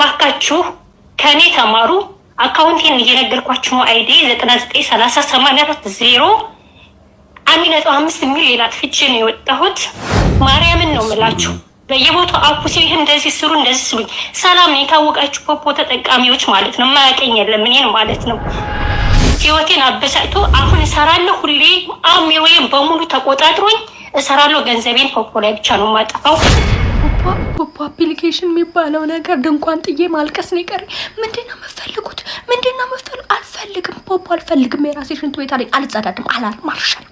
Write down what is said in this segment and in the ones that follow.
ባካችሁ ከእኔ ተማሩ። አካውንቴን እየነገርኳችሁ ነው። አይዲ ዘጠና ዘጠኝ ሰላሳ ሰማንያ አራት ዜሮ አንድ ነጥብ አምስት ሚሊዮን አጥፍቼ ነው የወጣሁት። ማርያምን ነው ምላችሁ። በየቦታው አኩሴ ይህ እንደዚህ ስሩ እንደዚህ ስሉኝ። ሰላም ነው የታወቃችሁ ፖፖ ተጠቃሚዎች ማለት ነው። ማያቀኝ የለም እኔን ማለት ነው። ህይወቴን አበሳጭቶ አሁን እሰራለሁ። ሁሌ አሜ ወይም በሙሉ ተቆጣጥሮኝ እሰራለሁ። ገንዘቤን ፖፖ ላይ ብቻ ነው የማጠፋው። ፖፖ አፕሊኬሽን የሚባለው ነገር ድንኳን ጥዬ ማልቀስ ነው የቀረኝ። ምንድን ነው የምፈልጉት? ምንድን ነው የምፈል አልፈልግም ፖፖ አልፈልግም። የራሴ ሽንት ቤት አለኝ። አልጸዳድም አላል ማርሻል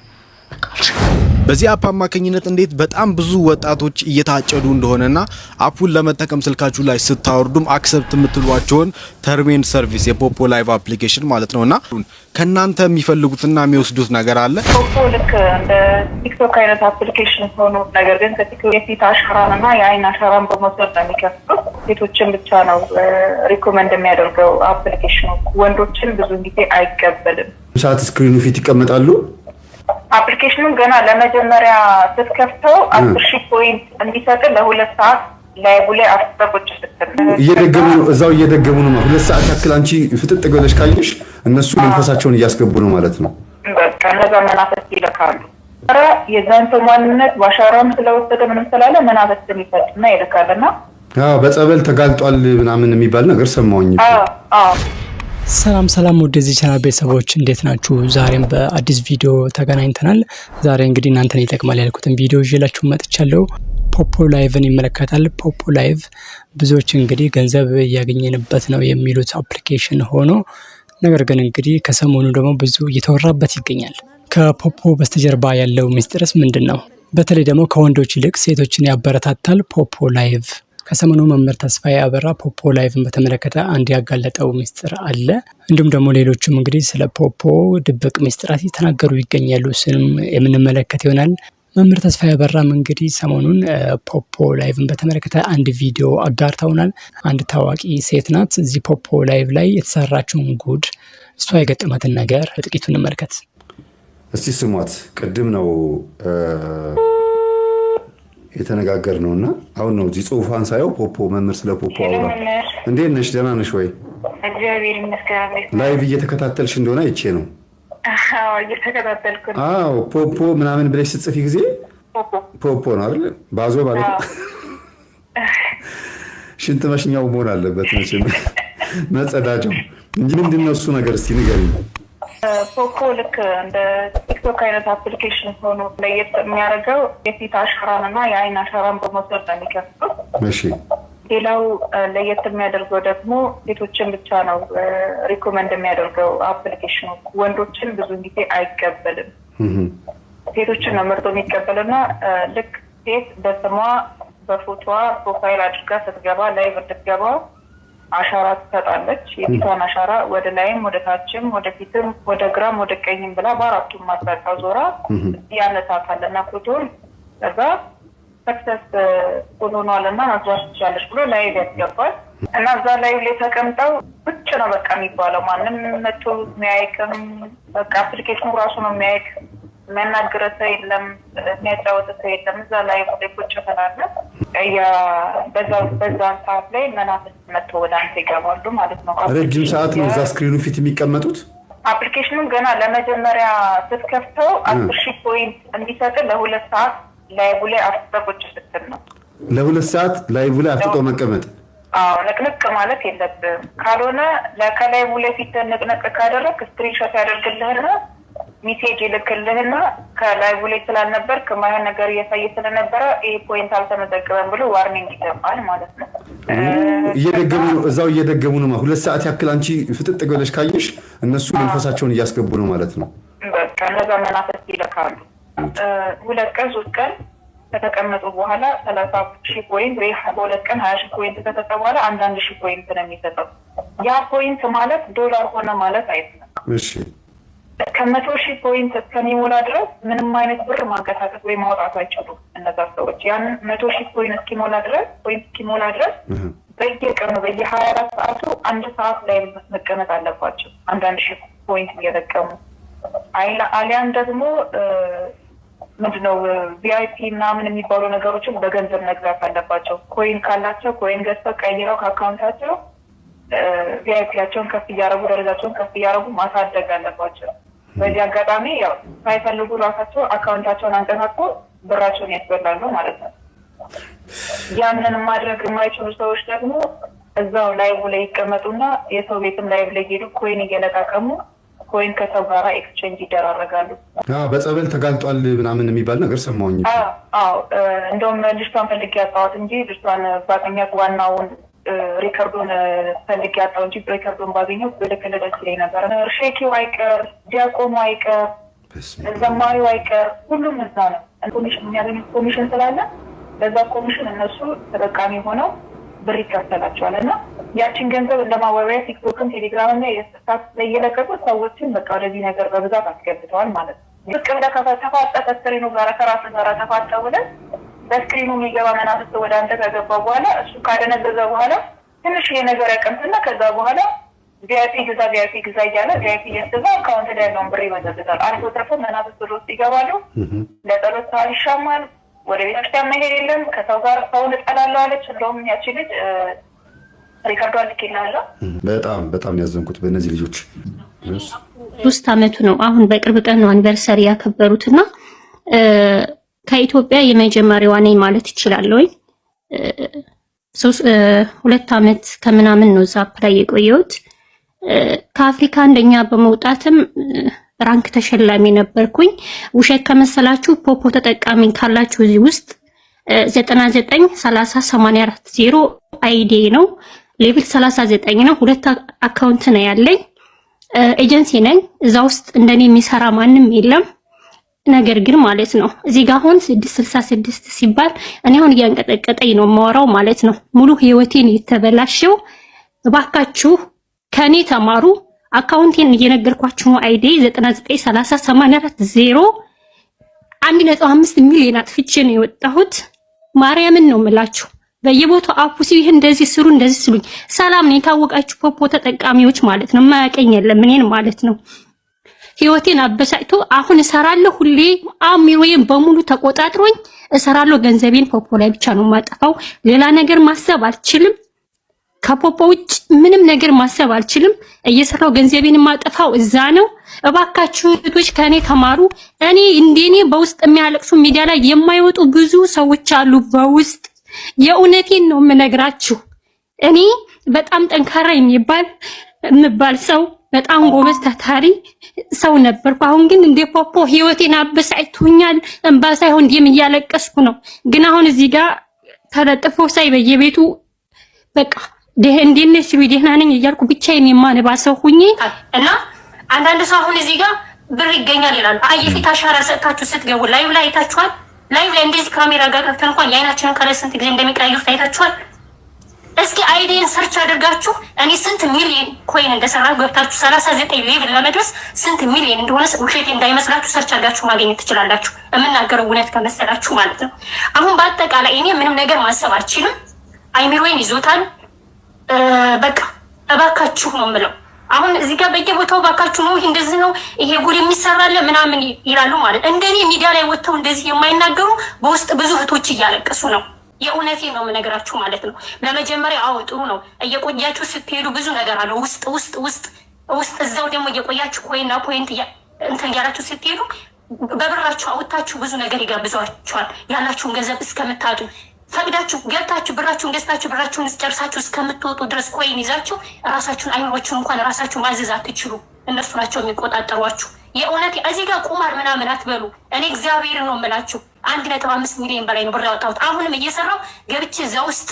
በዚህ አፕ አማካኝነት እንዴት በጣም ብዙ ወጣቶች እየታጨዱ እንደሆነና አፑን ለመጠቀም ስልካችሁ ላይ ስታወርዱም አክሰፕት የምትሏቸውን ተርሜን ሰርቪስ የፖፖ ላይቭ አፕሊኬሽን ማለት ነውና ከእናንተ የሚፈልጉትና የሚወስዱት ነገር አለ። ፖፖ ልክ እንደ ቲክቶክ አይነት አፕሊኬሽን ሆኖ ነገር ግን ከፊት አሻራንና የአይን አሻራን በመውሰድ ነው የሚከፍሉት። ሴቶችን ብቻ ነው ሪኮመንድ የሚያደርገው አፕሊኬሽኑ፣ ወንዶችን ብዙ ጊዜ አይቀበልም። ሰዓት ስክሪኑ ፊት ይቀመጣሉ አፕሊኬሽኑን ገና ለመጀመሪያ ስትከፍተው አስር ሺህ ፖይንት እንዲሰጥ ለሁለት ሰዓት ላይቡ ላይ አስተቆጭ እየደገሙ ነው፣ እዛው እየደገሙ ነው። ሁለት ሰዓት ያክል አንቺ ፍጥጥ ገለሽ ካየሽ እነሱ መንፈሳቸውን እያስገቡ ነው ማለት ነው። ከነዛ መናፈስ ይልካሉ። ረ የዛንተ ማንነት ባሻራም ስለወሰደ ምንም ስላለ መናፈስን ይሰጥና ይልካልና በጸበል ተጋልጧል ምናምን የሚባል ነገር ሰማሁኝ። ሰላም ሰላም ወደዚህ ቻናል ቤተሰቦች እንዴት ናችሁ? ዛሬም በአዲስ ቪዲዮ ተገናኝተናል። ዛሬ እንግዲህ እናንተን ይጠቅማል ያልኩትን ቪዲዮ ይዤላችሁ መጥቻለሁ። ፖፖ ላይቭን ይመለከታል። ፖፖ ላይቭ ብዙዎች እንግዲህ ገንዘብ እያገኘንበት ነው የሚሉት አፕሊኬሽን ሆኖ ነገር ግን እንግዲህ ከሰሞኑ ደግሞ ብዙ እየተወራበት ይገኛል። ከፖፖ በስተጀርባ ያለው ሚስጥርስ ምንድን ነው? በተለይ ደግሞ ከወንዶች ይልቅ ሴቶችን ያበረታታል ፖፖ ላይቭ ከሰሞኑ መምህር ተስፋዬ አበራ ፖፖ ላይቭን በተመለከተ አንድ ያጋለጠው ሚስጥር አለ። እንዲሁም ደግሞ ሌሎችም እንግዲህ ስለ ፖፖ ድብቅ ሚስጥራት የተናገሩ ይገኛሉ። ስንም የምንመለከት ይሆናል። መምህር ተስፋዬ አበራም እንግዲህ ሰሞኑን ፖፖ ላይቭን በተመለከተ አንድ ቪዲዮ አጋርተውናል። አንድ ታዋቂ ሴት ናት። እዚህ ፖፖ ላይቭ ላይ የተሰራችውን ጉድ፣ እሷ የገጠማትን ነገር በጥቂቱ እንመልከት እስቲ። ስሟት። ቅድም ነው የተነጋገር ነው እና አሁን ነው እዚህ ጽሁፏን ሳየው ፖፖ መምህር ስለ ፖፖ አውራ። እንዴት ነሽ? ደህና ነሽ ወይ? ላይቭ እየተከታተልሽ እንደሆነ አይቼ ነው። አዎ ፖፖ ምናምን ብለሽ ስጽፊ ጊዜ ፖፖ ነው አይደል? ባዞ ማለት ሽንት መሽኛው መሆን አለበት መቼም መጸዳጃው እንጂ ምንድን ነው እሱ ነገር? እስቲ ንገሪኝ። ፖኮ ልክ እንደ ቲክቶክ አይነት አፕሊኬሽን ሆኖ ለየት የሚያደርገው የፊት አሻራን እና የአይን አሻራን በመውሰድ ነው የሚከፍሉት። ሌላው ለየት የሚያደርገው ደግሞ ሴቶችን ብቻ ነው ሪኮመንድ የሚያደርገው አፕሊኬሽኑ። ወንዶችን ብዙ ጊዜ አይቀበልም። ሴቶችን ነው መርጦ የሚቀበልና ልክ ሴት በስሟ በፎቶዋ ፕሮፋይል አድርጋ ስትገባ ላይቭ እንድትገባ አሻራ ትሰጣለች። የፊቷን አሻራ ወደ ላይም ወደ ታችም ወደ ፊትም ወደ ግራም ወደ ቀኝም ብላ በአራቱም አቅጣጫ ዞራ ያነሳታል እና ኮቶን ከዛ ሰክሰስ ሆኗል እና ማግባት ትችላለች ብሎ ላይ ያስገባል እና እዛ ላይ ላይ ተቀምጠው ብቻ ነው በቃ የሚባለው። ማንም መቶ የሚያይቅም በቃ አፕሊኬሽኑ ራሱ ነው የሚያይቅ የሚያናግረ ሰው የለም፣ የሚያጫወተ ሰው የለም። እዛ ላይ ቁጭ ያ በዛ ሰዓት ላይ መናፍስት መጥቶ ወደ አንተ ይገባሉ ማለት ነው። ረጅም ሰዓት ነው እዛ ስክሪኑ ፊት የሚቀመጡት። አፕሊኬሽኑም ገና ለመጀመሪያ ስትከፍተው አስር ሺህ ፖይንት እንዲሰጥ ለሁለት ሰዓት ላይቡ ላይ አፍጥጠህ ቁጭ ስትል ነው። ለሁለት ሰዓት ላይቡ ላይ አፍጥጦ መቀመጥ አዎ ንቅንቅ ማለት የለብም። ካልሆነ ከላይቡ ላይ ፊት ንቅንቅ ካደረግ ስክሪንሾት ያደርግልህና ሚሴጅ ይልክልህና ከላይቡ ላይ ስላልነበርክ ማያ ነገር እያሳየ ስለነበረ ይህ ፖይንት አልተመዘገበም ብሎ ዋርኒንግ ይገባል ማለት ነው። እየደገሙ ነው፣ እዛው እየደገሙ ነው። ሁለት ሰዓት ያክል አንቺ ፍጥጥ ገለሽ ካየሽ እነሱ መንፈሳቸውን እያስገቡ ነው ማለት ነው። በቃ እነዛ መናፈስ ይልካሉ። ሁለት ቀን ሶስት ቀን ከተቀመጡ በኋላ ሰላሳ ሺ ፖይንት ወይ በሁለት ቀን ሀያ ሺ ፖይንት ከሰጠ በኋላ አንዳንድ ሺ ፖይንት ነው የሚሰጠው። ያ ፖይንት ማለት ዶላር ሆነ ማለት አይደለም። ከመቶ ሺህ ፖይንት እስከሚሞላ ድረስ ምንም አይነት ብር ማንቀሳቀስ ወይ ማውጣት አይችሉም። እነዛ ሰዎች ያን መቶ ሺህ ፖይንት እስኪሞላ ድረስ ፖይንት እስኪሞላ ድረስ በየቀኑ በየሀያ አራት ሰዓቱ አንድ ሰዓት ላይ መቀመጥ አለባቸው። አንዳንድ ሺህ ፖይንት እየለቀሙ አሊያን ደግሞ ምንድነው ቪአይፒ ምናምን የሚባሉ ነገሮችን በገንዘብ መግዛት አለባቸው። ኮይን ካላቸው ኮይን ገዝተው ቀይረው ከአካውንታቸው ቪአይፒያቸውን ከፍ እያረጉ ደረጃቸውን ከፍ እያደረጉ ማሳደግ አለባቸው። በዚህ አጋጣሚ ያው ሳይፈልጉ ራሳቸው አካውንታቸውን አንቀሳቅሶ ብራቸውን ያስበላሉ ማለት ነው። ያንን ማድረግ የማይችሉ ሰዎች ደግሞ እዛው ላይቭ ላይ ይቀመጡና የሰው ቤትም ላይቭ ላይ ሄዱ ኮይን እየለቃቀሙ ኮይን ከሰው ጋር ኤክስቼንጅ ይደራረጋሉ። በጸበል ተጋልጧል ምናምን የሚባል ነገር ሰማሁኝ። እንደውም ልጅቷን ፈልጌ ያጣዋት እንጂ ልጅቷን ባገኛት ዋናውን ሪከርዶን ፈልግ ያጣው እንጂ ሪከርዶን ባገኘው ወደ ደስ ይለኝ ነበር። ሼኪው አይቀር፣ ዲያቆኑ አይቀር፣ ዘማሪው አይቀር፣ ሁሉም እዛ ነው። ኮሚሽን የሚያገኙት ኮሚሽን ስላለ በዛ ኮሚሽን እነሱ ተጠቃሚ ሆነው ብር ይከፈላቸዋል እና ያችን ገንዘብ እንደ ማወሪያ ቲክቶክን፣ ቴሌግራምና የስታት ላይ እየለቀቁ ሰዎችን በቃ ወደዚህ ነገር በብዛት አስገብተዋል ማለት ነው። ቅምደ ተፋጠ ተስሬ ነው ጋራ ከራስ ጋራ ተፋጠ ብለን በስክሪኑ የሚገባ መናፍስት ወደ አንተ ከገባ በኋላ እሱ ካደነዘዘ በኋላ ትንሽ የነገር ያቀምትና ከዛ በኋላ ቪአይፒ ግዛ ቪአይፒ ግዛ እያለ ቪአይፒ እያስገዛ አካውንት ላይ ያለውን ብር ይመዘግዛል። አልፎ ተርፎ መናፍስት ብር ውስጥ ይገባሉ። ለጸሎት ሰዋል ይሻማል። ወደ ቤተክርስቲያን መሄድ የለም። ከሰው ጋር ሰውን እጠላለሁ አለች። እንደውም ያቺ ልጅ ሪከርዶ አልክላለሁ። በጣም በጣም ያዘንኩት በእነዚህ ልጆች ሶስት አመቱ ነው። አሁን በቅርብ ቀን ነው አኒቨርሰሪ ያከበሩትና ከኢትዮጵያ የመጀመሪያዋ ነኝ ማለት ይችላለሁ። ሁለት ዓመት ከምናምን ነው እዛ አፕላይ የቆየሁት። ከአፍሪካ አንደኛ በመውጣትም ራንክ ተሸላሚ ነበርኩኝ። ውሸት ከመሰላችሁ ፖፖ ተጠቃሚ ካላችሁ እዚህ ውስጥ 99 30 84 0 አይዲ ነው። ሌቭል 39 ነው። ሁለት አካውንት ነው ያለኝ። ኤጀንሲ ነኝ። እዛ ውስጥ እንደኔ የሚሰራ ማንም የለም። ነገር ግን ማለት ነው እዚህ ጋር አሁን 666 ሲባል እኔ አሁን እያንቀጠቀጠኝ ነው የማወራው ማለት ነው። ሙሉ ህይወቴን የተበላሸው እባካችሁ ከኔ ተማሩ። አካውንቴን እየነገርኳችሁ ነው። አይዲ 993840 1.5 ሚሊዮን አጥፍቼ ነው የወጣሁት። ማርያምን ነው የምላችሁ። በየቦታው አፑሲ ይህ እንደዚህ ስሩ እንደዚህ ስሉኝ። ሰላም ነው የታወቃችሁ ፖፖ ተጠቃሚዎች ማለት ነው። የማያውቀኝ የለም እኔን ማለት ነው። ህይወቴን አበሳጭቶ አሁን እሰራለሁ ሁሌ አእምሮዬን በሙሉ ተቆጣጥሮኝ እሰራለሁ። ገንዘቤን ፖፖ ላይ ብቻ ነው የማጠፋው። ሌላ ነገር ማሰብ አልችልም። ከፖፖ ውጭ ምንም ነገር ማሰብ አልችልም። እየሰራው ገንዘቤን የማጠፋው እዛ ነው። እባካችሁ እህቶች ከእኔ ተማሩ። እኔ እንደኔ በውስጥ የሚያለቅሱ ሚዲያ ላይ የማይወጡ ብዙ ሰዎች አሉ። በውስጥ የእውነቴን ነው የምነግራችሁ። እኔ በጣም ጠንካራ የሚባል የምባል ሰው በጣም ጎበዝ ታታሪ ሰው ነበርኩ። አሁን ግን እንደ ፖፖ ህይወቴን አበሳጭቶኛል። እንባ ሳይሆን ደም እያለቀስኩ ነው። ግን አሁን እዚህ ጋር ተለጥፎ ሳይ በየቤቱ በቃ ደህ እንዴት ነሽ ሲሉ ደህና ነኝ እያልኩ ብቻዬን የማነባ ሰው ሁኜ እና አንዳንድ ሰው አሁን እዚህ ጋር ብር ይገኛል ይላሉ። አይ የፊት አሻራ ሰጥታችሁ ስትገቡ ላይ ላይ አይታችኋል። ላይ ላይ እንደዚህ ካሜራ ጋር ከፍተን እንኳን የአይናችንን ከረስንት ጊዜ እንደሚቀያየሩት አይታችኋል። እስኪ አይዲን ሰርች አድርጋችሁ እኔ ስንት ሚሊዮን ኮይን እንደሰራ ገብታችሁ ሰላሳ ዘጠኝ ሌቭል ለመድረስ ስንት ሚሊዮን እንደሆነ ውሸቴ እንዳይመስላችሁ ሰርች አድርጋችሁ ማግኘት ትችላላችሁ። የምናገረው እውነት ከመሰላችሁ ማለት ነው። አሁን በአጠቃላይ እኔ ምንም ነገር ማሰብ አልችልም። አይሚሮይን ይዞታል። በቃ እባካችሁ ነው የምለው። አሁን እዚህ ጋር በየቦታው እባካችሁ ነው ይህ እንደዚህ ነው ይሄ ጉድ የሚሰራለ ምናምን ይላሉ ማለት እንደኔ ሚዲያ ላይ ወጥተው እንደዚህ የማይናገሩ በውስጥ ብዙ እህቶች እያለቀሱ ነው የእውነቴ ነው የምነግራችሁ ማለት ነው። በመጀመሪያ አዎ ጥሩ ነው። እየቆያችሁ ስትሄዱ ብዙ ነገር አለ ውስጥ ውስጥ ውስጥ ውስጥ እዛው ደግሞ እየቆያችሁ ኮይና ኮይንት እንትን እያላችሁ ስትሄዱ በብራችሁ አውጥታችሁ ብዙ ነገር ይጋብዟችኋል። ያላችሁን ገንዘብ እስከምታጡ ፈቅዳችሁ ገብታችሁ ብራችሁን ገዝታችሁ ብራችሁን ስጨርሳችሁ እስከምትወጡ ድረስ ኮይን ይዛችሁ ራሳችሁን አይምሮችን እንኳን ራሳችሁ ማዘዝ አትችሉ። እነሱ ናቸው የሚቆጣጠሯችሁ። የእውነት እዚህ ጋር ቁማር ምናምን አትበሉ። እኔ እግዚአብሔር ነው የምላችሁ አንድ ነጥብ አምስት ሚሊዮን በላይ ነው ብር ያወጣሁት። አሁንም እየሰራው ገብቼ እዛ ውስጥ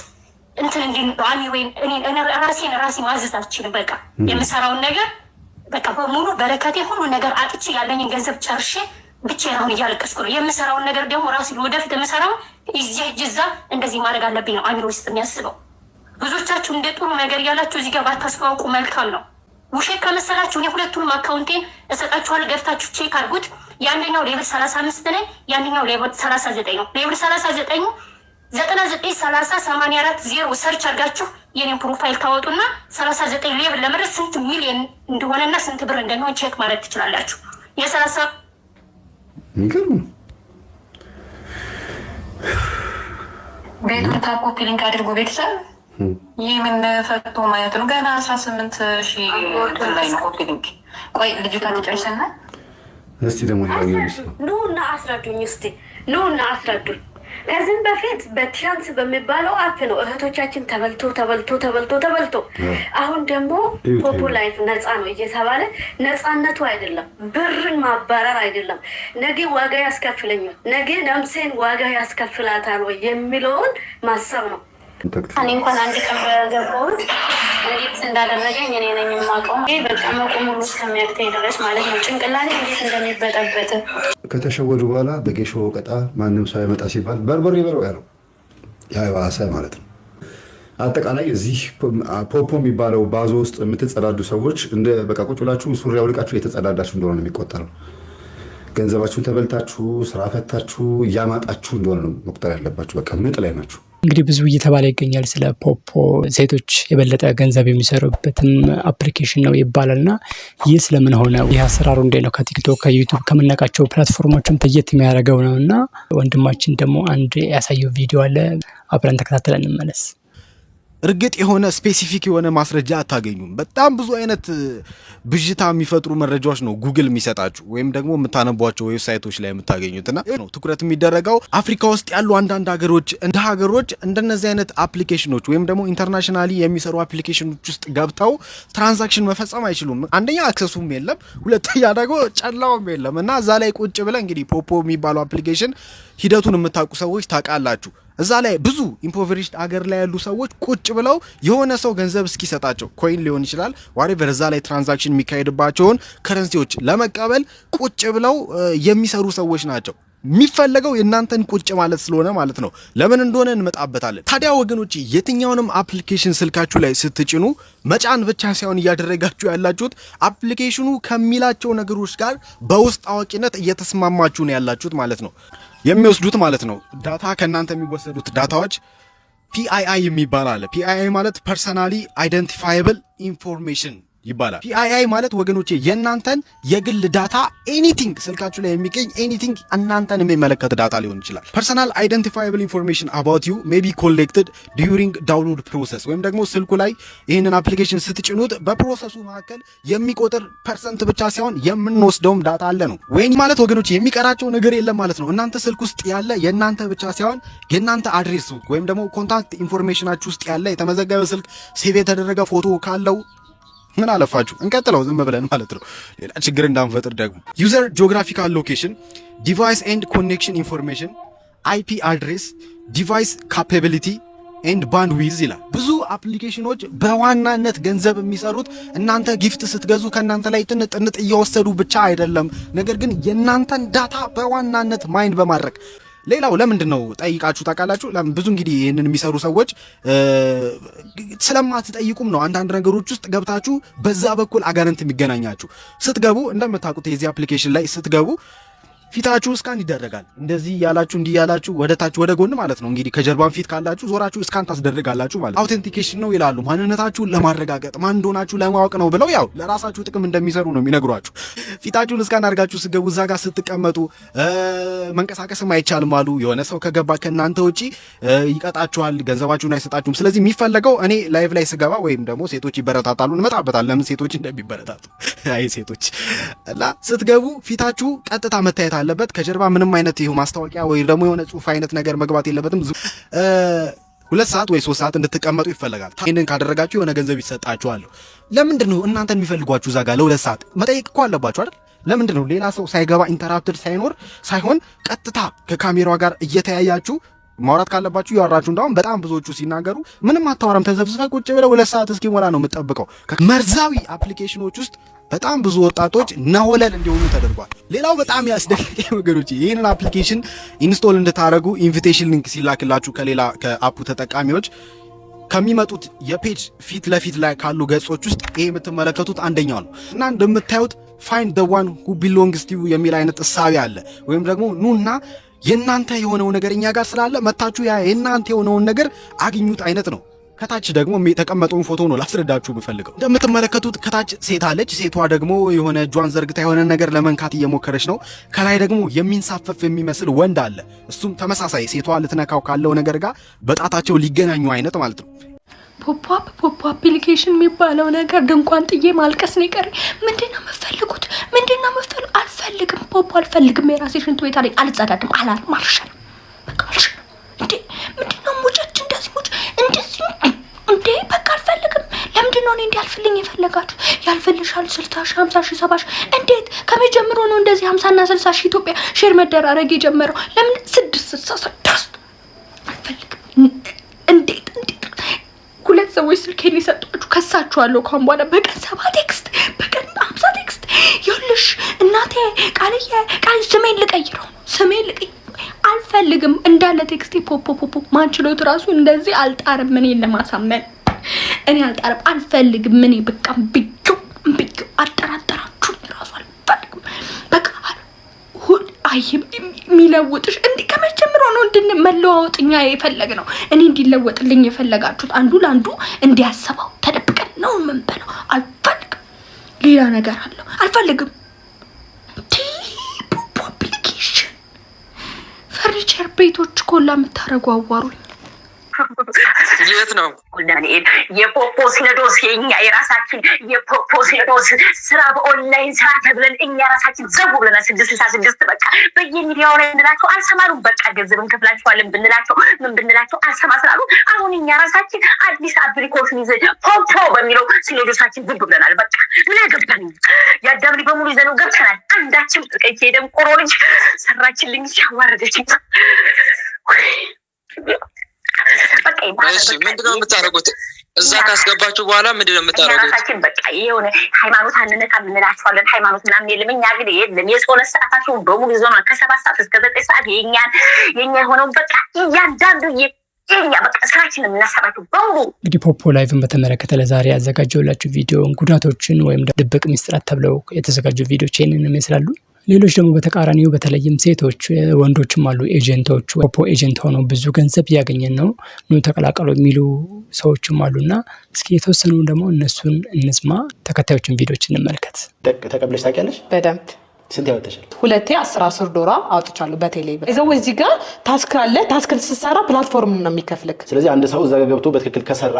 እንትን እንዲ አሚ ወይም ራሴን ራሴ ማዘዝ አልችልም። በቃ የምሰራውን ነገር በቃ በሙሉ በረከቴ ሁሉ ነገር አጥቼ ያለኝን ገንዘብ ጨርሼ ብቻዬን አሁን እያለቀስኩ ነው። የምሰራውን ነገር ደግሞ ራሱ ወደፊት የምሰራውን እዚህ እጅዛ እንደዚህ ማድረግ አለብኝ ነው አሚሮ ውስጥ የሚያስበው ብዙዎቻችሁ እንደ ጥሩ ነገር ያላችሁ እዚህ ጋር ባታስተዋውቁ መልካም ነው። ውሸት ከመሰላችሁ እኔ ሁለቱንም አካውንቴን እሰጣችኋል። ገብታችሁ ቼክ አድርጉት። የአንደኛው ሌብል ሰላሳ አምስት ነኝ፣ የአንደኛው ሌብል ሰላሳ ዘጠኝ ነው። ሌብል ሰላሳ ዘጠኝ ዘጠና ዘጠኝ ሰላሳ ሰማንያ አራት ዜሮ ሰርች አድርጋችሁ የኔን ፕሮፋይል ታወጡና ሰላሳ ዘጠኝ ሌብል ለመድረስ ስንት ሚሊዮን እንደሆነና ስንት ብር እንደሚሆን ቼክ ማድረግ ትችላላችሁ። የሰላሳ ቤቱን ታኮፒ ሊንክ አድርጎ ቤተሰብ ይህ ምን ፈቶ ማየት ነው። ገና አስራ ስምንት ሺህ ቆይ ልጅቷ ትጨርስና እስቲ ደግሞ ኑና አስረዱኝ። እስቲ ኑና አስረዱኝ። ከዚህም በፊት በቲያንስ በሚባለው አፍ ነው እህቶቻችን ተበልቶ ተበልቶ ተበልቶ ተበልቶ፣ አሁን ደግሞ ፖፑ ላይፍ ነፃ ነው እየተባለ ነፃነቱ አይደለም ብርን ማባረር አይደለም፣ ነገ ዋጋ ያስከፍለኛል፣ ነገ ነምሴን ዋጋ ያስከፍላታል የሚለውን ማሰብ ነው። እኔ እንኳን አንድ ቀን በገባሁት እንዴት እንዳደረገኝ እኔ ነኝ የማውቀው። ይህ በቃ መቆሙ ሁሉ እስከሚያቅተኝ ድረስ ማለት ነው። ጭንቅላቴ እንዴት እንደሚበጠበጥ ከተሸወዱ በኋላ በጌሾ ቀጣ ማንም ሰው ይመጣ ሲባል በርበሬ በለው ያለው የአዋሳ ማለት ነው። አጠቃላይ እዚህ ፖፖ የሚባለው ባዞ ውስጥ የምትጸዳዱ ሰዎች እንደ በቃ ቁጭ ብላችሁ ሱሪ አውልቃችሁ የተጸዳዳችሁ እንደሆነ ነው የሚቆጠረው። ገንዘባችሁን ተበልታችሁ ስራ ፈታችሁ እያማጣችሁ እንደሆነ ነው መቁጠር ያለባችሁ። በቃ ምጥ ላይ ናችሁ። እንግዲህ ብዙ እየተባለ ይገኛል ስለ ፖፖ ሴቶች የበለጠ ገንዘብ የሚሰሩበትም አፕሊኬሽን ነው ይባላል። እና ይህ ስለምን ሆነ ይህ አሰራሩ እንዴት ነው? ከቲክቶክ ከዩቱብ ከምናውቃቸው ፕላትፎርሞችም ለየት የሚያደርገው ነው። እና ወንድማችን ደግሞ አንድ ያሳየው ቪዲዮ አለ፣ አብረን ተከታተለን እንመለስ። እርግጥ የሆነ ስፔሲፊክ የሆነ ማስረጃ አታገኙም። በጣም ብዙ አይነት ብዥታ የሚፈጥሩ መረጃዎች ነው ጉግል የሚሰጣችሁ ወይም ደግሞ የምታነቧቸው ዌብሳይቶች ላይ የምታገኙትና ነው ትኩረት የሚደረገው አፍሪካ ውስጥ ያሉ አንዳንድ ሀገሮች እንደ ሀገሮች እንደነዚህ አይነት አፕሊኬሽኖች ወይም ደግሞ ኢንተርናሽናሊ የሚሰሩ አፕሊኬሽኖች ውስጥ ገብተው ትራንዛክሽን መፈጸም አይችሉም። አንደኛ አክሰሱም የለም፣ ሁለተኛ ደግሞ ጨላውም የለም እና እዛ ላይ ቁጭ ብለ እንግዲህ ፖፖ የሚባለው አፕሊኬሽን ሂደቱን የምታውቁ ሰዎች ታውቃላችሁ እዛ ላይ ብዙ ኢምፖቨሪሽድ አገር ላይ ያሉ ሰዎች ቁጭ ብለው የሆነ ሰው ገንዘብ እስኪሰጣቸው ኮይን ሊሆን ይችላል ዋሬቨር እዛ ላይ ትራንዛክሽን የሚካሄድባቸውን ከረንሲዎች ለመቀበል ቁጭ ብለው የሚሰሩ ሰዎች ናቸው። የሚፈለገው የእናንተን ቁጭ ማለት ስለሆነ ማለት ነው። ለምን እንደሆነ እንመጣበታለን። ታዲያ ወገኖች የትኛውንም አፕሊኬሽን ስልካችሁ ላይ ስትጭኑ መጫን ብቻ ሳይሆን እያደረጋችሁ ያላችሁት አፕሊኬሽኑ ከሚላቸው ነገሮች ጋር በውስጥ አዋቂነት እየተስማማችሁ ነው ያላችሁት ማለት ነው። የሚወስዱት ማለት ነው። ዳታ ከእናንተ የሚወሰዱት ዳታዎች ፒአይአይ የሚባል አለ። ፒአይአይ ማለት ፐርሰናሊ አይደንቲፋየብል ኢንፎርሜሽን ይባላል። ፒአይአይ ማለት ወገኖቼ የእናንተን የግል ዳታ ኤኒቲንግ፣ ስልካችሁ ላይ የሚገኝ ኤኒቲንግ እናንተን የሚመለከት ዳታ ሊሆን ይችላል። ፐርሰናል አይደንቲፋይብል ኢንፎርሜሽን አባውት ዩ ሜይ ቢ ኮሌክትድ ዲዩሪንግ ዳውንሎድ ፕሮሰስ ወይም ደግሞ ስልኩ ላይ ይህንን አፕሊኬሽን ስትጭኑት በፕሮሰሱ መካከል የሚቆጥር ፐርሰንት ብቻ ሳይሆን የምንወስደውም ዳታ አለ ነው። ወይም ማለት ወገኖቼ የሚቀራቸው ነገር የለም ማለት ነው። እናንተ ስልክ ውስጥ ያለ የእናንተ ብቻ ሳይሆን የእናንተ አድሬስ ወይም ደግሞ ኮንታክት ኢንፎርሜሽናችሁ ውስጥ ያለ የተመዘገበ ስልክ ሴቭ የተደረገ ፎቶ ካለው ምን አለፋችሁ እንቀጥለው ዝም ብለን ማለት ነው። ሌላ ችግር እንዳንፈጥር ደግሞ ዩዘር ጂኦግራፊካል ሎኬሽን፣ ዲቫይስ ኤንድ ኮኔክሽን ኢንፎርሜሽን፣ አይፒ አድሬስ፣ ዲቫይስ ካፓቢሊቲ ኤንድ ባንድ ዊዝ ይላል። ብዙ አፕሊኬሽኖች በዋናነት ገንዘብ የሚሰሩት እናንተ ጊፍት ስትገዙ ከእናንተ ላይ ጥንጥንጥ እየወሰዱ ብቻ አይደለም፣ ነገር ግን የእናንተን ዳታ በዋናነት ማይንድ በማድረግ ሌላው ለምንድን ነው ጠይቃችሁ ታውቃላችሁ? ብዙ እንግዲህ ይህንን የሚሰሩ ሰዎች ስለማትጠይቁም ነው አንዳንድ ነገሮች ውስጥ ገብታችሁ በዛ በኩል አጋንንት የሚገናኛችሁ። ስትገቡ እንደምታውቁት የዚህ አፕሊኬሽን ላይ ስትገቡ ፊታችሁ እስካን ይደረጋል። እንደዚህ ያላችሁ እንዲህ ያላችሁ ወደ ታች ወደ ጎን ማለት ነው እንግዲህ ከጀርባን ፊት ካላችሁ ዞራችሁ እስካን ታስደርጋላችሁ ማለት ነው። አውቴንቲኬሽን ነው ይላሉ። ማንነታችሁን ለማረጋገጥ ማን እንደሆናችሁ ለማወቅ ነው ብለው ያው ለራሳችሁ ጥቅም እንደሚሰሩ ነው የሚነግሯችሁ። ፊታችሁን እስካን አድርጋችሁ ስገቡ እዛ ጋር ስትቀመጡ መንቀሳቀስም አይቻልም አሉ። የሆነ ሰው ከገባ ከእናንተ ውጪ ይቀጣችኋል፣ ገንዘባችሁን አይሰጣችሁም። ስለዚህ የሚፈለገው እኔ ላይቭ ላይ ስገባ ወይም ደግሞ ሴቶች ይበረታታሉ፣ እንመጣበታል ለምን ሴቶች እንደሚበረታቱ አይ ሴቶች እና ስትገቡ ፊታችሁ ቀጥታ መታየት አለበት። ከጀርባ ምንም አይነት ይሁ ማስታወቂያ ወይ ደግሞ የሆነ ጽሁፍ አይነት ነገር መግባት የለበትም። ሁለት ሰዓት ወይ ሶስት ሰዓት እንድትቀመጡ ይፈለጋል። ይህንን ካደረጋችሁ የሆነ ገንዘብ ይሰጣችኋል። ለምንድን ነው እናንተን የሚፈልጓችሁ እዛ ጋር ለሁለት ሰዓት መጠየቅ እኮ አለባችሁ አይደል? ለምንድን ነው ሌላ ሰው ሳይገባ ኢንተራፕትድ ሳይኖር ሳይሆን ቀጥታ ከካሜራዋ ጋር እየተያያችሁ ማውራት ካለባችሁ ያወራችሁ። እንዳሁም በጣም ብዙዎቹ ሲናገሩ ምንም አታወራም ተዘብዝፈ ቁጭ ብለው ሁለት ሰዓት እስኪሞላ ነው የምጠብቀው። መርዛዊ አፕሊኬሽኖች ውስጥ በጣም ብዙ ወጣቶች ናሆለል እንዲሆኑ ተደርጓል። ሌላው በጣም ያስደነቀኝ ወገኖች ይህንን አፕሊኬሽን ኢንስቶል እንድታደረጉ ኢንቪቴሽን ሊንክ ሲላክላችሁ ከሌላ ከአፑ ተጠቃሚዎች ከሚመጡት የፔጅ ፊት ለፊት ላይ ካሉ ገጾች ውስጥ ይህ የምትመለከቱት አንደኛው ነው እና እንደምታዩት ፋይንድ ደ ዋን ሁ ቢሎንግስ ቲዩ የሚል አይነት እሳቤ አለ ወይም ደግሞ ኑና የእናንተ የሆነው ነገር እኛ ጋር ስላለ መታችሁ ያ የእናንተ የሆነውን ነገር አግኙት አይነት ነው። ከታች ደግሞ የተቀመጠውን ፎቶ ነው ላስረዳችሁ የምፈልገው። እንደምትመለከቱት ከታች ሴት አለች። ሴቷ ደግሞ የሆነ እጇን ዘርግታ የሆነ ነገር ለመንካት እየሞከረች ነው። ከላይ ደግሞ የሚንሳፈፍ የሚመስል ወንድ አለ። እሱም ተመሳሳይ ሴቷ ልትነካው ካለው ነገር ጋር በጣታቸው ሊገናኙ አይነት ማለት ነው። ፖፖፕ ፖፖ አፕሊኬሽን የሚባለው ነገር ድንኳን ጥዬ ማልቀስ ነው የቀረኝ። ምንድን ነው የምፈልጉት? ምንድን ነው የምፈልጉት? አልፈልግም፣ ፖፖ አልፈልግም። የራሴ ሽንት ቤት አለኝ። አልጸዳድም፣ አላልም፣ አልሸንም፣ በቃ አልሸንም። እንዴ ምንድን ነው እንዴ በቃ አልፈልግም። ለምንድን ነው እኔ እንዲያልፍልኝ የፈለጋችሁ? ያልፍልሻል። ስልሳ ሺ ሀምሳ ሺ ሰባ ሺህ እንዴት ጀምሮ ነው እንደዚህ ሀምሳና ስልሳ ሺ ኢትዮጵያ ሼር መደራረግ የጀመረው? ለምን ስድስት ስልሳ ስድስት አልፈልግም። እንዴት እንዴት ሁለት ሰዎች ስልኬን የሰጧችሁ ከሳችኋለሁ። ካሁን በኋላ በቀን ሰባ ቴክስት በቀን ሀምሳ ቴክስት ይኸውልሽ እናቴ ቃልዬ ቃል ስሜን ልቀይረው ነው ስሜን ልቀይ አልፈልግም እንዳለ ቴክስቴ ፖፖፖፖ ማንችሎት ራሱ እንደዚህ አልጣርም። እኔን ለማሳመን እኔ አልጣርም፣ አልፈልግም። እኔ በቃ ብዩ ብዩ አጠራጠራችሁ ራሱ አልፈልግም። በቃ ሁል አይ የሚለውጥሽ እንዲህ ከመቼ ጀምሮ ነው እንድንመለዋወጥኛ የፈለግ ነው እኔ እንዲለወጥልኝ የፈለጋችሁት? አንዱ ለአንዱ እንዲያሰባው ተደብቀን ነው የምንበለው። አልፈልግም። ሌላ ነገር አለው። አልፈልግም ፈርኒቸር ቤቶች ኮላ የምታደርጉ አዋሩኝ። የት ነው ዳንኤል? የፖፖ ሲነዶስ የኛ የራሳችን የፖፖ ሲነዶስ ስራ በኦንላይን ስራ ተብለን እኛ ራሳችን ዘው ብለናል። ስድስት ስልሳ ስድስት በቃ በየሚዲያው ላይ እንላቸው አልሰማሉም። በቃ ገንዘብ እንከፍላቸዋለን ብንላቸው ምን ብንላቸው አልሰማ ስላሉ አሁን እኛ ራሳችን አዲስ አፕሊኮሽን ይዘ ፖፖ በሚለው ሲኖዶሳችን ዝብ ብለናል። በቃ ምን ያገባን? የአዳም በሙሉ ይዘነው ገብተናል። አንዳችም ቀይ ቆሮ ልጅ ሰራችን ልኝ ያዋረደችን ምንድን ነው የምታደርጉት? እዛ ካስገባችሁ በኋላ ምንድን ነው የምታደርጉት? ራሳችን በቃ የሆነ ሃይማኖት አንነካ ምንላቸዋለን። ሃይማኖት ምናምን የለም። እኛ ግን የለም። የጾነ ሰዓታቸውን በሙሉ ይዞ ከሰባት ሰዓት እስከ ዘጠኝ ሰዓት የኛን የኛ የሆነው በቃ እያንዳንዱ እንግዲህ ፖፖ ላይቭን በተመለከተ ለዛሬ ያዘጋጀውላችሁ ቪዲዮ ጉዳቶችን ወይም ድብቅ ሚስጥራት ተብለው የተዘጋጁ ቪዲዮች ይህንን ይመስላሉ። ሌሎች ደግሞ በተቃራኒው በተለይም ሴቶች ወንዶችም አሉ ኤጀንቶች ፖ ኤጀንት ሆኖ ብዙ ገንዘብ እያገኘን ነው ኑ ተቀላቀሉ የሚሉ ሰዎችም አሉ እና እስኪ የተወሰኑ ደግሞ እነሱን እንስማ። ተከታዮችን ቪዲዮች እንመልከት። ተቀብለች ታውቂያለሽ? በደንብ ስንት ያወጣሻል? ሁለቴ አስር አስር ዶራ አውጥቻለሁ በቴሌ ዘው እዚህ ጋር ታስክ አለ። ታስክን ስትሰራ ፕላትፎርም ነው የሚከፍልክ። ስለዚህ አንድ ሰው እዛ ገብቶ በትክክል ከሰራ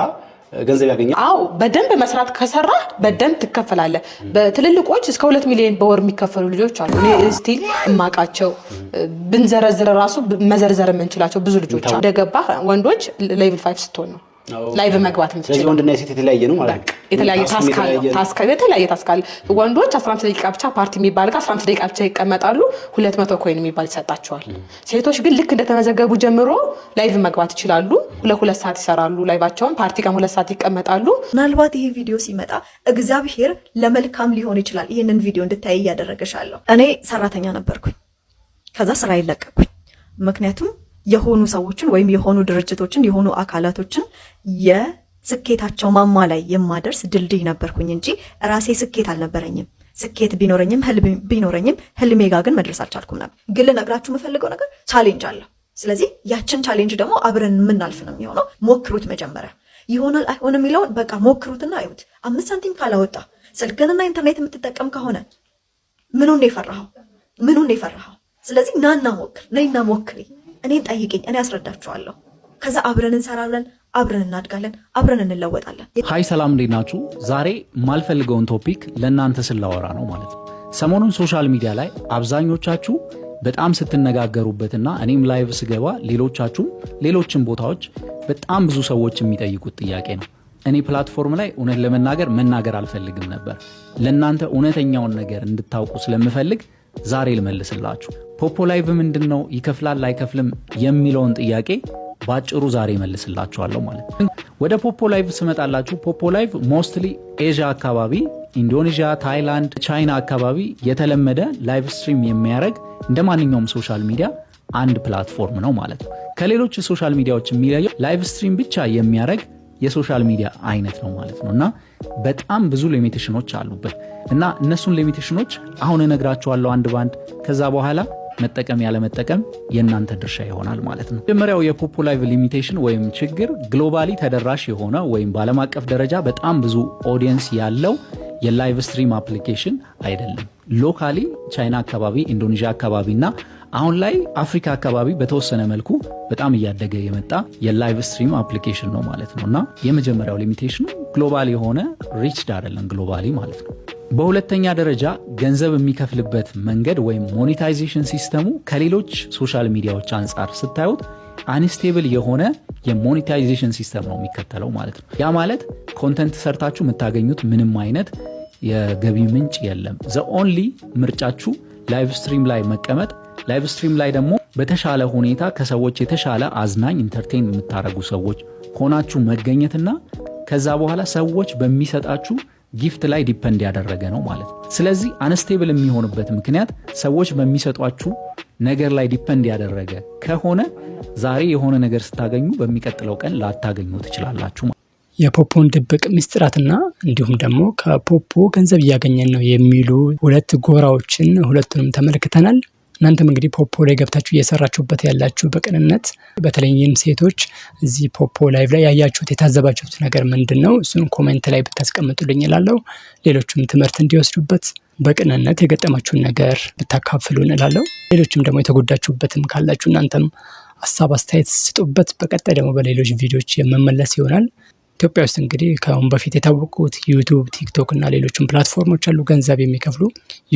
ገንዘብ ያገኛል? አዎ በደንብ መስራት ከሰራ በደንብ ትከፈላለ። በትልልቆች እስከ ሁለት ሚሊዮን በወር የሚከፈሉ ልጆች አሉ። እኔ ስቲል እማቃቸው ብንዘረዝረ ራሱ መዘርዘር የምንችላቸው ብዙ ልጆች ደገባ ወንዶች ሌቭል ፋይቭ ስትሆን ነው ላይ በመግባት የምትችለው ወንድና ሴት የተለያየ ነው ማለት ነው። የተለያየ ታስክ ወንዶች 15 ደቂቃ ብቻ ፓርቲ የሚባል ጋር 15 ደቂቃ ብቻ ይቀመጣሉ። 200 ኮይን የሚባል ይሰጣቸዋል። ሴቶች ግን ልክ እንደተመዘገቡ ጀምሮ ላይቭ መግባት ይችላሉ። ሁለት ሁለት ሰዓት ይሰራሉ ላይቫቸውን። ፓርቲ ጋር ሁለት ሰዓት ይቀመጣሉ። ምናልባት ይሄ ቪዲዮ ሲመጣ እግዚአብሔር ለመልካም ሊሆን ይችላል ይህንን ቪዲዮ እንድታይ እያደረገሻለሁ። እኔ ሰራተኛ ነበርኩኝ። ከዛ ስራ ይለቀቁኝ ምክንያቱም የሆኑ ሰዎችን ወይም የሆኑ ድርጅቶችን የሆኑ አካላቶችን የስኬታቸው ማማ ላይ የማደርስ ድልድይ ነበርኩኝ እንጂ ራሴ ስኬት አልነበረኝም። ስኬት ቢኖረኝም ህልም ቢኖረኝም ህልሜ ግን መድረስ አልቻልኩም ነበር። ግን ልነግራችሁ የምፈልገው ነገር ቻሌንጅ አለ። ስለዚህ ያችን ቻሌንጅ ደግሞ አብረን የምናልፍ ነው የሚሆነው። ሞክሩት። መጀመሪያ ይሆናል አይሆን የሚለውን በቃ ሞክሩትና አይሁት። አምስት ሳንቲም ካላወጣ ስልክንና ኢንተርኔት የምትጠቀም ከሆነ ምኑን የፈራኸው? ምኑን የፈራኸው? ስለዚህ ናና ሞክር፣ ነይና ሞክሬ እኔን ጠይቅኝ፣ እኔ አስረዳችኋለሁ። ከዛ አብረን እንሰራለን፣ አብረን እናድጋለን፣ አብረን እንለወጣለን። ሀይ ሰላም፣ እንዴት ናችሁ? ዛሬ የማልፈልገውን ቶፒክ ለእናንተ ስላወራ ነው ማለት ነው። ሰሞኑን ሶሻል ሚዲያ ላይ አብዛኞቻችሁ በጣም ስትነጋገሩበትና እኔም ላይቭ ስገባ ሌሎቻችሁ ሌሎችን ቦታዎች በጣም ብዙ ሰዎች የሚጠይቁት ጥያቄ ነው። እኔ ፕላትፎርም ላይ እውነት ለመናገር መናገር አልፈልግም ነበር። ለእናንተ እውነተኛውን ነገር እንድታውቁ ስለምፈልግ ዛሬ ልመልስላችሁ። ፖፖ ላይ ምንድን ነው ይከፍላል አይከፍልም የሚለውን ጥያቄ በአጭሩ ዛሬ መልስላችኋለሁ ማለት ነው። ወደ ፖፖ ላይቭ ስመጣላችሁ ፖፖ ላይቭ ሞስትሊ ኤዥያ አካባቢ ኢንዶኔዥያ፣ ታይላንድ፣ ቻይና አካባቢ የተለመደ ላይቭ ስትሪም የሚያደርግ እንደ ማንኛውም ሶሻል ሚዲያ አንድ ፕላትፎርም ነው ማለት ነው። ከሌሎች ሶሻል ሚዲያዎች የሚለየው ላይቭ ስትሪም ብቻ የሚያደርግ የሶሻል ሚዲያ አይነት ነው ማለት ነው እና በጣም ብዙ ሊሚቴሽኖች አሉበት እና እነሱን ሊሚቴሽኖች አሁን እነግራችኋለሁ አንድ ባንድ ከዛ በኋላ መጠቀም ያለመጠቀም የእናንተ ድርሻ ይሆናል ማለት ነው። መጀመሪያው የፖፖ ላይቭ ሊሚቴሽን ወይም ችግር ግሎባሊ ተደራሽ የሆነ ወይም በዓለም አቀፍ ደረጃ በጣም ብዙ ኦዲየንስ ያለው የላይቭ ስትሪም አፕሊኬሽን አይደለም። ሎካሊ ቻይና አካባቢ፣ ኢንዶኔዥያ ና አሁን ላይ አፍሪካ አካባቢ በተወሰነ መልኩ በጣም እያደገ የመጣ የላይቭ ስትሪም አፕሊኬሽን ነው ማለት ነው እና የመጀመሪያው ሊሚቴሽኑ ግሎባል የሆነ ሪች ዳረለን ግሎባሊ ማለት ነው። በሁለተኛ ደረጃ ገንዘብ የሚከፍልበት መንገድ ወይም ሞኔታይዜሽን ሲስተሙ ከሌሎች ሶሻል ሚዲያዎች አንጻር ስታዩት አንስቴብል የሆነ የሞኔታይዜሽን ሲስተም ነው የሚከተለው ማለት ነው። ያ ማለት ኮንተንት ሰርታችሁ የምታገኙት ምንም አይነት የገቢ ምንጭ የለም። ዘ ኦንሊ ምርጫችሁ ላይቭ ስትሪም ላይ መቀመጥ ላይቭ ስትሪም ላይ ደግሞ በተሻለ ሁኔታ ከሰዎች የተሻለ አዝናኝ ኢንተርቴን የምታደረጉ ሰዎች ሆናችሁ መገኘትና ከዛ በኋላ ሰዎች በሚሰጣችሁ ጊፍት ላይ ዲፐንድ ያደረገ ነው ማለት ነው። ስለዚህ አንስቴብል የሚሆንበት ምክንያት ሰዎች በሚሰጧችሁ ነገር ላይ ዲፐንድ ያደረገ ከሆነ ዛሬ የሆነ ነገር ስታገኙ በሚቀጥለው ቀን ላታገኙ ትችላላችሁ። የፖፖን ድብቅ ምስጢራትና እንዲሁም ደግሞ ከፖፖ ገንዘብ እያገኘን ነው የሚሉ ሁለት ጎራዎችን ሁለቱንም ተመልክተናል። እናንተም እንግዲህ ፖፖ ላይ ገብታችሁ እየሰራችሁበት ያላችሁ በቅንነት በተለይም ሴቶች እዚህ ፖፖ ላይቭ ላይ ያያችሁት የታዘባችሁት ነገር ምንድን ነው? እሱን ኮሜንት ላይ ብታስቀምጡልኝ እላለሁ። ሌሎችም ትምህርት እንዲወስዱበት በቅንነት የገጠማችሁን ነገር ብታካፍሉን እላለሁ። ሌሎችም ደግሞ የተጎዳችሁበትም ካላችሁ እናንተም ሀሳብ አስተያየት ስጡበት። በቀጣይ ደግሞ በሌሎች ቪዲዮዎች የመመለስ ይሆናል። ኢትዮጵያ ውስጥ እንግዲህ ከአሁን በፊት የታወቁት ዩቱብ፣ ቲክቶክ እና ሌሎችም ፕላትፎርሞች አሉ ገንዘብ የሚከፍሉ።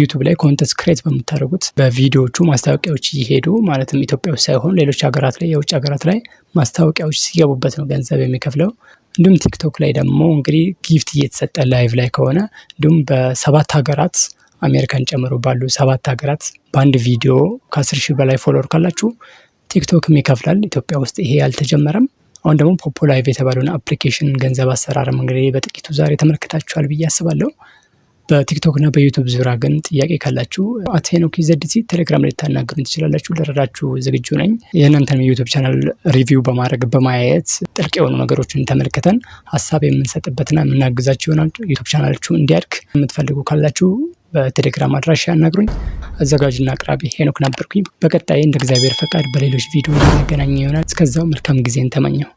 ዩቱብ ላይ ኮንተንት ክሬት በምታደርጉት በቪዲዮዎቹ ማስታወቂያዎች እየሄዱ ማለትም ኢትዮጵያ ውስጥ ሳይሆን ሌሎች ሀገራት ላይ የውጭ ሀገራት ላይ ማስታወቂያዎች ሲገቡበት ነው ገንዘብ የሚከፍለው። እንዲሁም ቲክቶክ ላይ ደግሞ እንግዲህ ጊፍት እየተሰጠ ላይቭ ላይ ከሆነ እንዲሁም በሰባት ሀገራት አሜሪካን ጨምሮ ባሉ ሰባት ሀገራት በአንድ ቪዲዮ ከአስር ሺህ በላይ ፎሎወር ካላችሁ ቲክቶክም ይከፍላል። ኢትዮጵያ ውስጥ ይሄ አልተጀመረም። አሁን ደግሞ ፖፖ ላይቭ የተባለውን አፕሊኬሽን ገንዘብ አሰራር እንግዲህ በጥቂቱ ዛሬ ተመልክታችኋል ብዬ አስባለሁ። በቲክቶክ እና በዩቱብ ዙሪያ ግን ጥያቄ ካላችሁ አት ሄኖክ ዘድሲ ቴሌግራም ላይ ትችላላችሁ። ልረዳችሁ ዝግጁ ነኝ። የእናንተን የዩቱብ ቻናል ሪቪው በማድረግ በማየት ጥልቅ የሆኑ ነገሮችን ተመልክተን ሀሳብ የምንሰጥበትና የምናግዛችሁ ይሆናል። ዩቱብ ቻናላችሁ እንዲያድግ የምትፈልጉ ካላችሁ በቴሌግራም አድራሻ ያናግሩኝ። አዘጋጅና አቅራቢ ሄኖክ ነበርኩኝ። በቀጣይ እንደ እግዚአብሔር ፈቃድ በሌሎች ቪዲዮ እንገናኝ ይሆናል። እስከዛው መልካም ጊዜን ተመኘው።